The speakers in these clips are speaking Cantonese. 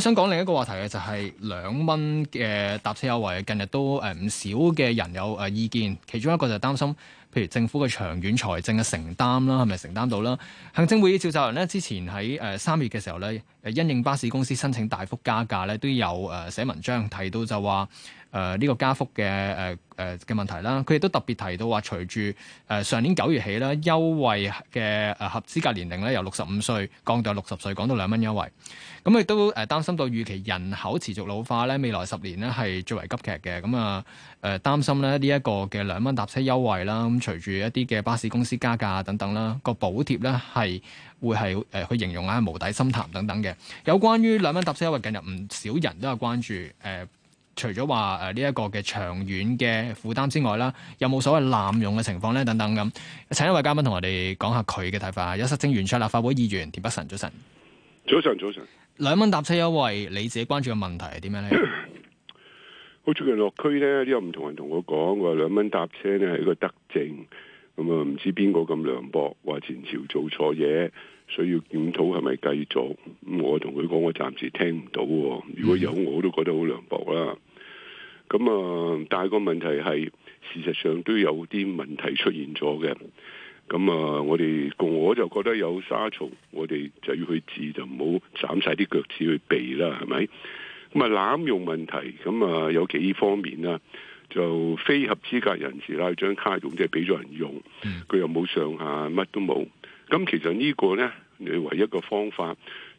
想講另一個話題嘅就係兩蚊嘅搭車優惠，近日都誒唔少嘅人有誒意見，其中一個就係擔心。譬如政府嘅長遠財政嘅承擔啦，係咪承擔到啦？行政會議召集人呢，之前喺誒三月嘅時候咧，誒因應巴士公司申請大幅加價咧，都有誒寫文章提到就話誒呢個加幅嘅誒誒嘅問題啦。佢亦都特別提到話，隨住誒上年九月起啦，優惠嘅誒合資格年齡咧由六十五歲降到六十歲，講到兩蚊優惠。咁亦都誒擔心到預期人口持續老化咧，未來十年呢係最為急劇嘅。咁啊誒擔心咧呢一個嘅兩蚊搭車優惠啦。隨住一啲嘅巴士公司加價等等啦，個補貼咧係會係誒去形容下無底深潭等等嘅。有關於兩蚊搭車優惠近日唔少人都有關注，誒、呃、除咗話誒呢一個嘅長遠嘅負擔之外啦，有冇所謂濫用嘅情況咧？等等咁，請一位嘉賓同我哋講下佢嘅睇法。實政圓桌立法會議員田北辰，早晨，早晨早晨。兩蚊搭車優惠，你自己關注嘅問題係點樣咧？好出嘅落區咧，都有唔同人同我講，話兩蚊搭車咧係一個德政，咁啊唔知邊個咁涼薄，話前朝做錯嘢，所以要檢討係咪繼續？咁我同佢講，我暫時聽唔到喎、哦。如果有我都覺得好涼薄啦。咁啊，但係個問題係事實上都有啲問題出現咗嘅。咁啊，我哋共我就覺得有沙蟲，我哋就要去治，就唔好斬晒啲腳趾去避啦，係咪？咁啊，濫用問題，咁啊有幾方面啦，就非合資格人士啦，張卡，用即係俾咗人用，佢又冇上下，乜都冇。咁其實個呢個咧，你唯一個方法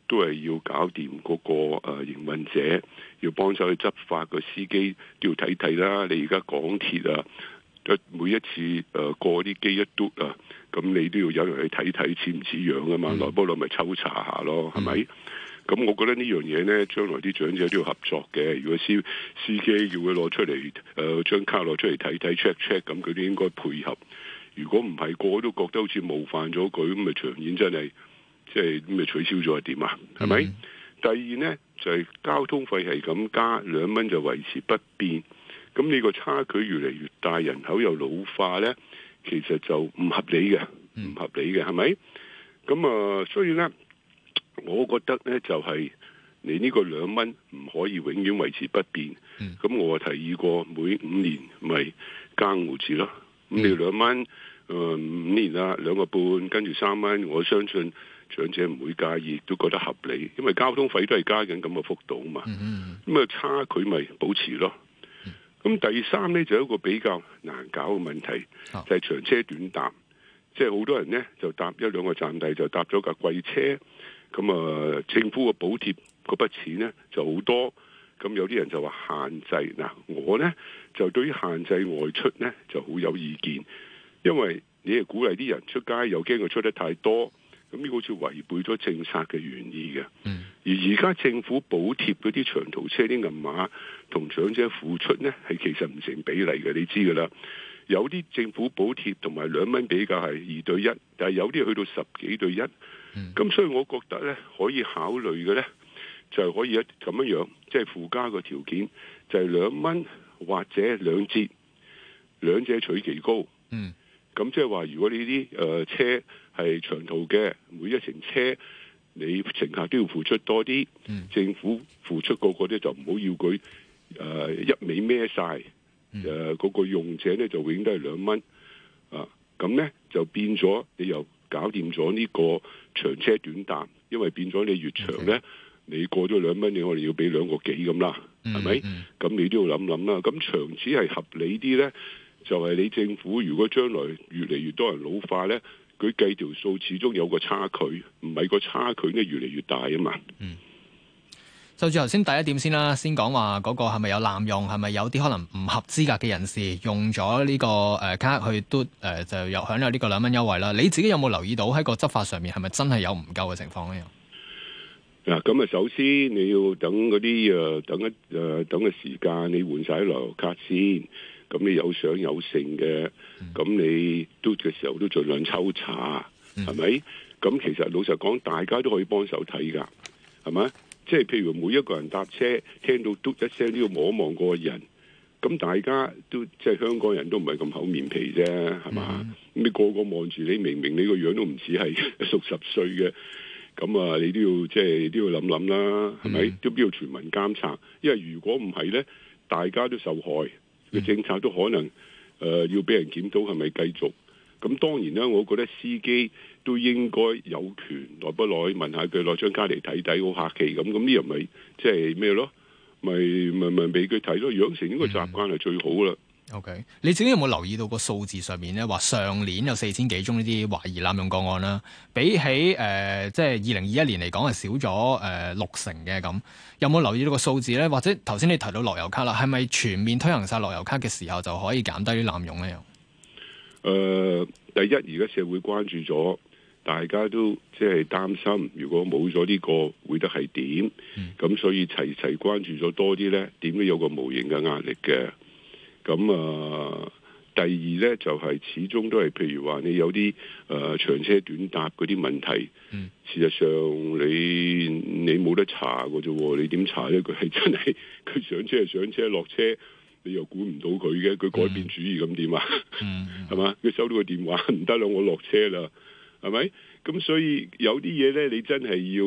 都係要搞掂嗰個誒營運者，要幫手去執法個司機，要睇睇啦。你而家港鐵啊，每一次過啲機一嘟啊，咁你都要有人去睇睇似唔似樣啊嘛，來波來咪抽查下咯，係咪、mm？Hmm. 咁我覺得呢樣嘢呢，將來啲長者都要合作嘅。如果司司機要佢攞出嚟，誒、呃、張卡攞出嚟睇睇 check check，咁佢都應該配合。如果唔係，個個都覺得好似冒犯咗佢，咁咪長遠真係即係咁咪取消咗係點啊？係咪？Mm. 第二呢，就係、是、交通費係咁加兩蚊就維持不變，咁你個差距越嚟越大，人口又老化呢，其實就唔合理嘅，唔、mm. 合理嘅係咪？咁啊，所以、呃、呢。我覺得呢，就係你呢個兩蚊唔可以永遠維持不變，咁、嗯、我提議過每五年咪加毫子咯。咁你兩蚊，誒五年啦，兩、嗯、個半跟住三蚊，我相信長者唔會介意，都覺得合理，因為交通費都係加緊咁嘅幅度嘛。咁啊、嗯嗯嗯、差距咪保持咯。咁、嗯、第三呢，就一個比較難搞嘅問題，嗯、就係長車短搭，即係好多人呢，就搭一兩個站地就搭咗架貴車。咁啊，政府嘅補貼嗰筆錢呢就好多，咁有啲人就話限制。嗱，我呢就對於限制外出呢就好有意見，因為你係鼓勵啲人出街，又驚佢出得太多，咁呢個好似違背咗政策嘅原意嘅。嗯、而而家政府補貼嗰啲長途車啲銀碼同長者付出呢，係其實唔成比例嘅，你知噶啦。有啲政府補貼同埋兩蚊比較係二對一，但係有啲去到十幾對一。咁、嗯、所以我覺得咧，可以考慮嘅咧，就係可以一咁樣樣，即、就、係、係、附加個條件，就係兩蚊或者兩折，兩者取其高。嗯，咁即係話，如果你啲誒車係長途嘅，每一程車你乘客都要付出多啲，嗯、政府付出嗰個咧就唔好要佢誒、呃、一味孭晒，誒、嗯呃嗰個用者咧就永都係兩蚊。啊，咁咧就變咗你又。搞掂咗呢個長車短搭，因為變咗你越長呢，Okay. 你過咗兩蚊，你我哋要俾兩個幾咁啦，係咪？咁、mm hmm. 你都要諗諗啦。咁長此係合理啲呢，就係、是、你政府如果將來越嚟越多人老化呢，佢計條數始終有個差距，唔係個差距咧越嚟越大啊嘛。Mm hmm. 就住頭先第一點先啦，先講話嗰個係咪有濫用，係咪有啲可能唔合資格嘅人士用咗呢、個誒、呃、卡去嘟，o、呃、就又享有呢個兩蚊優惠啦。你自己有冇留意到喺個執法上面係咪真係有唔夠嘅情況呢？嗱，咁啊，首先你要等嗰啲誒等一誒等嘅時間，你換晒樂悠咭先。咁你有上有剩嘅，咁、嗯、你嘟嘅時候都儘量抽查，係咪、嗯？咁其實老實講，大家都可以幫手睇㗎，係咪？即係譬如每一個人搭車聽到嘟一聲都要望一望嗰個人，咁大家都即係香港人都唔係咁厚面皮啫，係嘛？Mm hmm. 你個個望住你，明明你個樣都唔似係六十歲嘅，咁啊你都要即係都要諗諗啦，係咪？Mm hmm. 都必要全民監察？因為如果唔係咧，大家都受害，個政策都可能、呃、要俾人檢討係咪繼續？咁當然啦，我覺得司機都應該有權耐不耐問下佢攞張卡嚟睇睇，好客氣咁。咁呢樣咪即係咩咯？咪咪咪俾佢睇咯，養成呢個習慣係最好啦、嗯。OK，你自己有冇留意到個數字上面咧？話上年有四千幾宗呢啲懷疑濫用個案啦，比起、呃、即係二零二一年嚟講係少咗、呃、六成嘅咁。有冇留意到個數字咧？或者頭先你提到樂悠咭啦，係咪全面推行晒樂悠咭嘅時候就可以減低啲濫用咧？誒、呃，第一，而家社會關注咗，大家都即係擔心，如果冇咗呢個會得係點？咁所以齊齊關注咗多啲呢，點都有個無形嘅壓力嘅。咁啊、呃，第二呢，就係、是、始終都係，譬如話你有啲誒、呃、長車短搭嗰啲問題，事實上你你冇得查嘅啫，你點查呢？佢係真係佢上車係上車落車。你又估唔到佢嘅，佢改變主意咁點啊？嗯，係嘛？ 佢收到個電話，唔得啦，我落車啦，係咪？咁所以有啲嘢咧，你真係要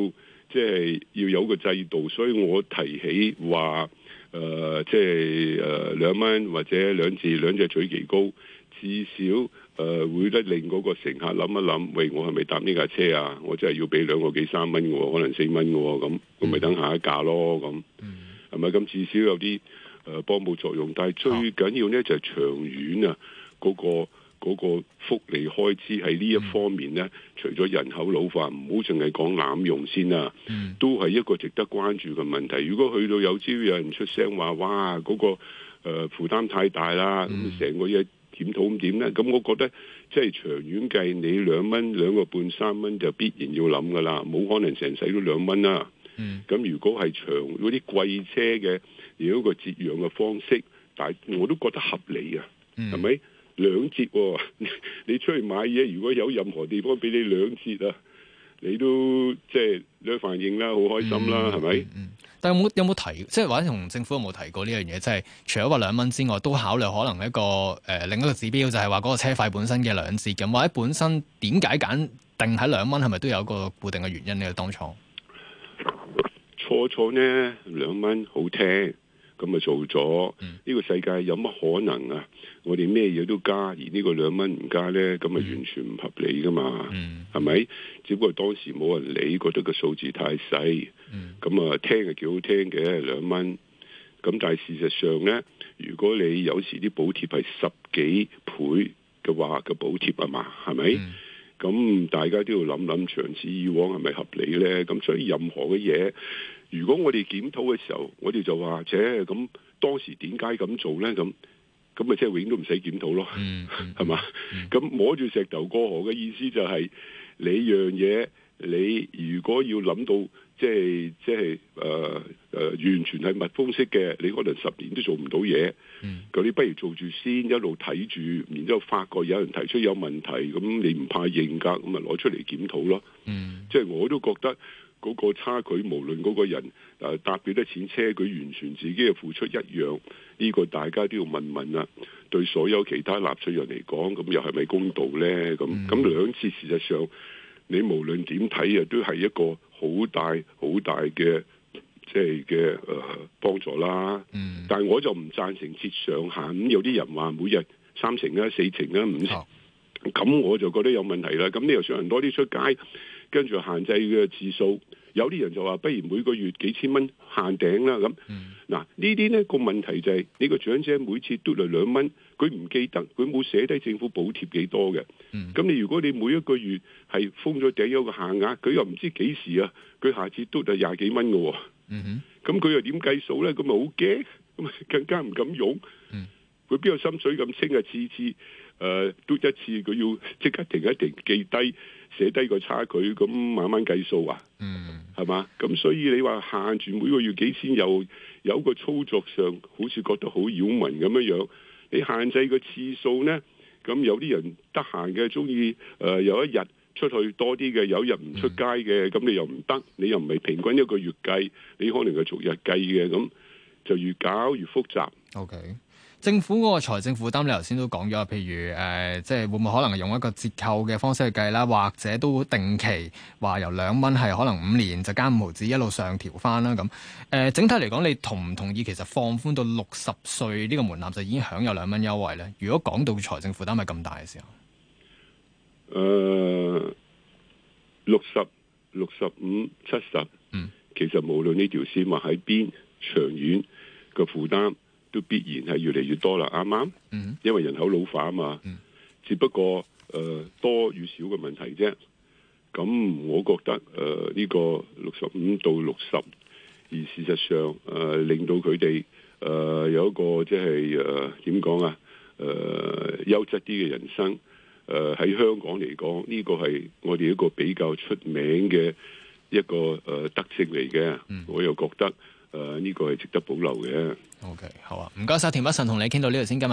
即係、就是、要有個制度。所以我提起話，即、呃、係、就是呃、兩蚊或者兩字兩隻取其高，至少、呃、會得令嗰個乘客諗一諗，喂，我係咪搭呢架車啊？我真係要俾兩個幾三蚊嘅喎，可能四蚊嘅喎，咁我咪等下一架咯，咁係咪咁？至少有啲。誒幫補作用，但係最緊要呢就係長遠啊、嗰個，嗰、嗰個福利開支喺呢一方面呢，除咗人口老化，唔好淨係講濫用先啊，都係一個值得關注嘅問題。如果去到有朝有人出聲話，哇嗰、嗰個誒、呃、負擔太大啦，咁成個嘢檢討咁點呢？咁我覺得即係長遠計，你兩蚊兩個半三蚊就必然要諗噶啦，冇可能成世都兩蚊啦。咁如果係長嗰啲貴車嘅。有一個折讓嘅方式，但係我都覺得合理啊，係咪、嗯、兩折、哦你？你出去買嘢，如果有任何地方俾你兩折啊，你都即係嘅反應啦，好開心啦，係咪、嗯嗯嗯？但係有冇有冇提？即係或者同政府有冇提過呢樣嘢？即、就、係、是、除咗話兩蚊之外，都考慮可能一個誒、呃、另一個指標，就係話嗰個車費本身嘅兩折咁，或者本身點解揀定喺兩蚊，係咪都有一個固定嘅原因呢？當初初初呢，兩蚊好聽。咁咪做咗呢，這個世界有乜可能啊？我哋咩嘢都加，而呢個兩蚊唔加呢，咁咪完全唔合理噶嘛？係咪、嗯？只不過當時冇人理，覺得個數字太細。咁啊、嗯，聽係幾好聽嘅兩蚊。咁但係事實上呢，如果你有時啲補貼係十幾倍嘅話，嘅補貼啊嘛，係咪？嗯咁大家都要諗諗長此以往係咪合理咧？咁所以任何嘅嘢，如果我哋檢討嘅時候，我哋就話：，啫咁當時點解咁做咧？咁咁咪即係永遠都唔使檢討咯，嗯，係嘛？咁摸住石頭過河嘅意思就係、是、你樣嘢，你如果要諗到，即係即係誒。呃完全係密封式嘅，你可能十年都做唔到嘢。咁、嗯、你不如做住先，一路睇住，然之後發覺有人提出有問題，咁你唔怕認噶，咁咪攞出嚟檢討咯。嗯，即係我都覺得嗰個差距，無論嗰個人誒、啊、搭幾多錢車，佢完全自己嘅付出一樣。呢、呢個大家都要問問啦、啊。對所有其他納稅人嚟講，咁又係咪公道呢？咁咁、嗯、兩次事實上，你無論點睇啊，都係一個好大好大嘅。即係嘅，誒，幫、呃、助啦。嗯。但係我就唔贊成設上限。咁有啲人話每日三成啊、四成啊、五成，咁、哦、我就覺得有問題啦。咁你又想人多啲出街，跟住限制嘅次數，有啲人就話不如每個月幾千蚊限頂啦。咁，嗱、嗯、呢啲呢個問題就係、是、你個長者每次嘟嚟兩蚊，佢唔記得，佢冇寫低政府補貼幾多嘅。嗯。咁你如果你每一個月係封咗頂有一個限額，佢又唔知幾時啊？佢下次嘟就廿幾蚊嘅、哦。嗯哼，咁佢、mm hmm. 又點計數咧？咁咪好驚，咁更加唔敢用。嗯，佢邊有心水咁清啊？次次誒 d、呃、一次佢要即刻停一停，記低寫低個差距，咁慢慢計數啊。嗯、mm，係、hmm. 嘛？咁所以你話限住每個月幾千，又有一個操作上，好似覺得好擾民咁樣樣。你限制個次數咧，咁有啲人得閒嘅中意誒，有一日。出去多啲嘅，有日唔出街嘅，咁、嗯、你又唔得，你又唔係平均一個月計，你可能係逐日計嘅，咁就越搞越複雜。O、okay. K，政府嗰個財政負擔，你頭先都講咗，譬如誒、呃，即係會唔會可能用一個折扣嘅方式去計啦，或者都定期話由兩蚊係可能五年就加五毫子一路上調翻啦咁。誒、呃，整體嚟講，你同唔同意其實放寬到六十歲呢個門檻就已經享有兩蚊優惠咧？如果講到財政負擔係咁大嘅時候。誒，六十六十五七十，嗯，其實無論呢條線話喺邊，長遠嘅負擔都必然係越嚟越多啦，啱啱、mm？嗯、hmm.，因為人口老化啊嘛，嗯、mm，hmm. 只不過誒、uh, 多與少嘅問題啫。咁我覺得誒呢、uh, 個六十五到六十，而事實上誒、uh, 令到佢哋誒有一個即係誒點講啊，誒、就是 uh, uh, 優質啲嘅人生。誒喺香港嚟講，呢個係我哋一個比較出名嘅一個誒特色嚟嘅，我又覺得。誒，呢個係值得保留嘅。OK，好啊，唔該晒田北辰，同你傾到呢度先。今日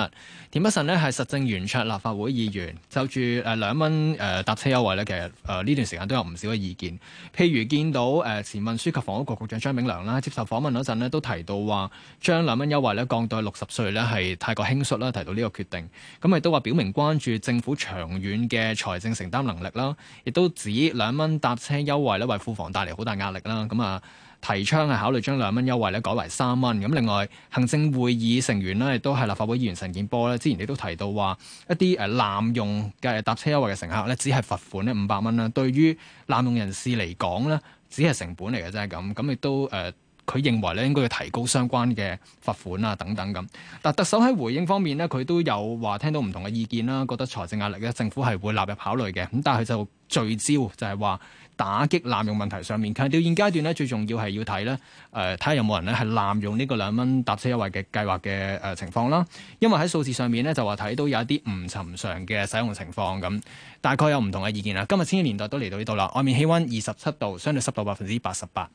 田北辰咧係實政圓桌立法會議員，就住誒兩蚊誒搭車優惠咧，其實誒呢、呃、段時間都有唔少嘅意見。譬如見到誒、呃、前運輸及房屋局局長張炳良咧接受訪問嗰陣都提到話將兩蚊優惠咧降到六十歲咧係太過輕率啦，提到呢個決定。咁亦都話表明關注政府長遠嘅財政承擔能力啦，亦都指兩蚊搭車優惠咧為庫房帶嚟好大壓力啦。咁啊～提倡係考慮將兩蚊優惠咧改為三蚊。咁另外行政會議成員咧亦都係立法會議員陳健波咧，之前亦都提到話一啲誒濫用嘅搭車優惠嘅乘客咧，只係罰款咧五百蚊啦，對於濫用人士嚟講咧，只係成本嚟嘅啫，咁咁亦都誒。呃佢認為咧應該要提高相關嘅罰款啊等等咁。特首喺回應方面呢佢都有話聽到唔同嘅意見啦，覺得財政壓力咧，政府係會納入考慮嘅。咁但係佢就聚焦就係話打擊濫用問題上面。強調現階段咧，最重要係要睇呢，誒睇下有冇人咧係濫用呢個兩蚊搭車優惠嘅計劃嘅誒情況啦。因為喺數字上面呢，就話睇到有一啲唔尋常嘅使用情況咁。大概有唔同嘅意見啦。今日千禧年代都嚟到呢度啦。外面氣温二十七度，相對濕度百分之八十八。